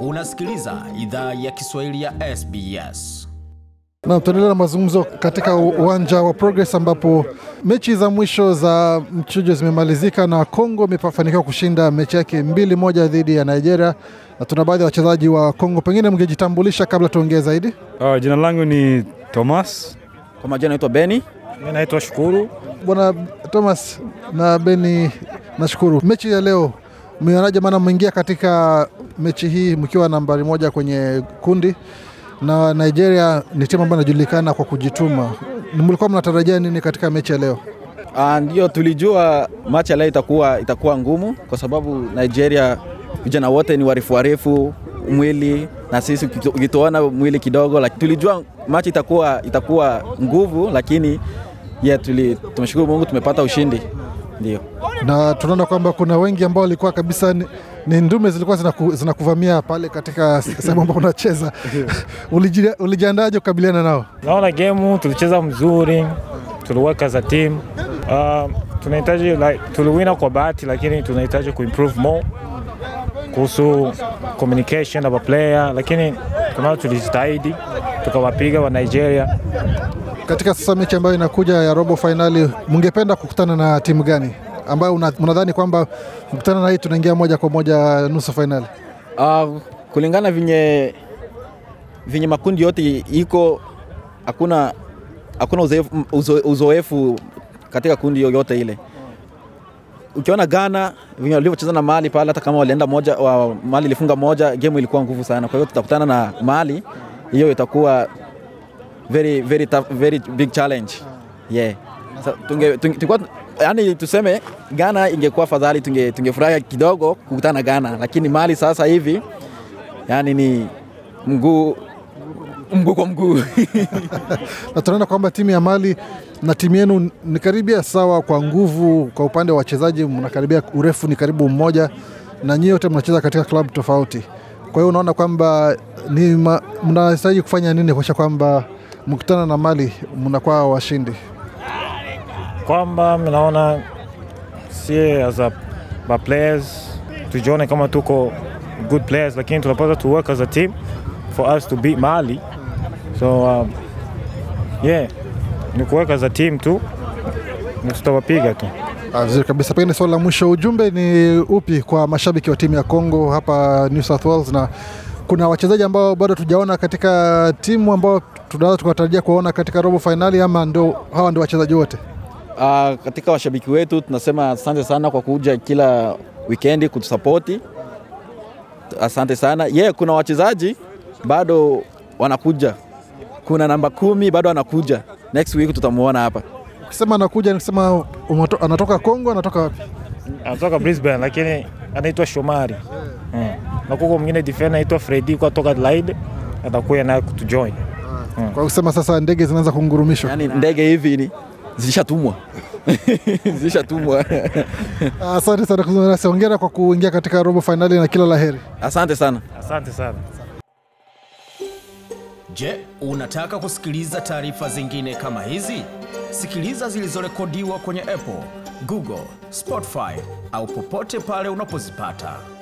Unasikiliza idhaa ya Kiswahili ya SBS. Nam, tuendelea na mazungumzo katika uwanja wa Progress ambapo mechi za mwisho za mchujo zimemalizika na Kongo imefanikiwa kushinda mechi yake mbili moja dhidi ya Nigeria, na tuna baadhi ya wachezaji wa Kongo, pengine mngejitambulisha kabla tuongee zaidi. Uh, jina langu ni Thomas. Kwa majina naitwa Beni. mi naitwa Shukuru. Bwana Thomas na Beni, nashukuru. Mechi ya leo Mmeonaje, maana mmeingia katika mechi hii mkiwa nambari moja kwenye kundi na Nigeria ni timu ambayo inajulikana kwa kujituma. Mlikuwa mnatarajia nini katika mechi ya leo? Ah, ndio, tulijua machi ya leo itakuwa, itakuwa ngumu kwa sababu Nigeria vijana wote ni warefu warefu mwili na sisi ukituona mwili kidogo, lakini tulijua machi itakuwa, itakuwa nguvu, lakini yeah, tumeshukuru Mungu tumepata ushindi ndio na tunaona kwamba kuna wengi ambao walikuwa kabisa ni, ni ndume zilikuwa zinaku, zinakuvamia pale katika sehemu ambao unacheza ulijiandaje kukabiliana nao? Naona gemu tulicheza mzuri, tuliweka za timu uh, um, tunahitaji like, tuliwina kwa bahati, lakini tunahitaji kuimprove more kuhusu communication a player, lakini tunao tulijitahidi tukawapiga wa Nigeria katika sasa mechi ambayo inakuja ya robo fainali. Mungependa kukutana na timu gani? ambayo unadhani kwamba mkutana na hii tunaingia moja kwa moja nusu fainali? Uh, ah, kulingana vinye vinye makundi yote iko, hakuna hakuna uzoefu, katika kundi yoyote ile. Ukiona Ghana venye walivyocheza na Mali pale, hata kama walienda moja wa, Mali ilifunga moja, game ilikuwa nguvu sana. Kwa hiyo tutakutana na Mali, hiyo itakuwa very, very, tough, very big challenge yeah. So, tunge, tunge, tunge, yani tuseme Ghana ingekuwa fadhali, tungefurahi kidogo kukutana Ghana, lakini mali sasa hivi yani ni mguu mguu kwa mguu na tunaona kwamba timu ya Mali na timu yenu ni karibia sawa kwa nguvu. Kwa upande wa wachezaji mnakaribia, urefu ni karibu mmoja, na nyie wote mnacheza katika klabu tofauti. Kwa hiyo unaona kwamba mnahitaji kufanya nini kuakisha kwamba mkutana na Mali mnakuwa washindi? kwamba naona sie as a, a players tujione kama tuko good players, lakini tunapaswa to work as a team for us to beat Mali. So um, yeah, ni kuweka as a team tu na tutawapiga tu. Ah, vizuri kabisa. Pengine swali la mwisho, ujumbe ni upi kwa mashabiki wa timu ya Kongo hapa New South Wales, na kuna wachezaji ambao bado tujaona katika timu ambao tunaweza tukatarajia kuwaona katika robo fainali, ama ndo hawa ndio wachezaji wote? Uh, katika washabiki wetu tunasema asante sana kwa kuja kila wikendi kutusapoti, asante sana ye. Yeah, kuna wachezaji bado wanakuja, kuna namba kumi bado anakuja, next week tutamuona hapa. Ukisema anakuja nikisema anatoka Kongo, anatoka wapi? Anatoka Brisbane lakini anaitwa Shomari yeah. Hmm. Na kuko mwingine defender anaitwa Freddy kwa toka Adelaide atakuja naye kutujoin. Mm. Kwa kusema sasa ndege zinaanza kungurumishwa, yani ndege hivi ni zishatumwa zishatumwa. Asante sana kuzungumza nasi, hongera kwa kuingia katika robo fainali na kila laheri. Asante sana, asante sana. Je, unataka kusikiliza taarifa zingine kama hizi? Sikiliza zilizorekodiwa kwenye Apple, Google, Spotify au popote pale unapozipata.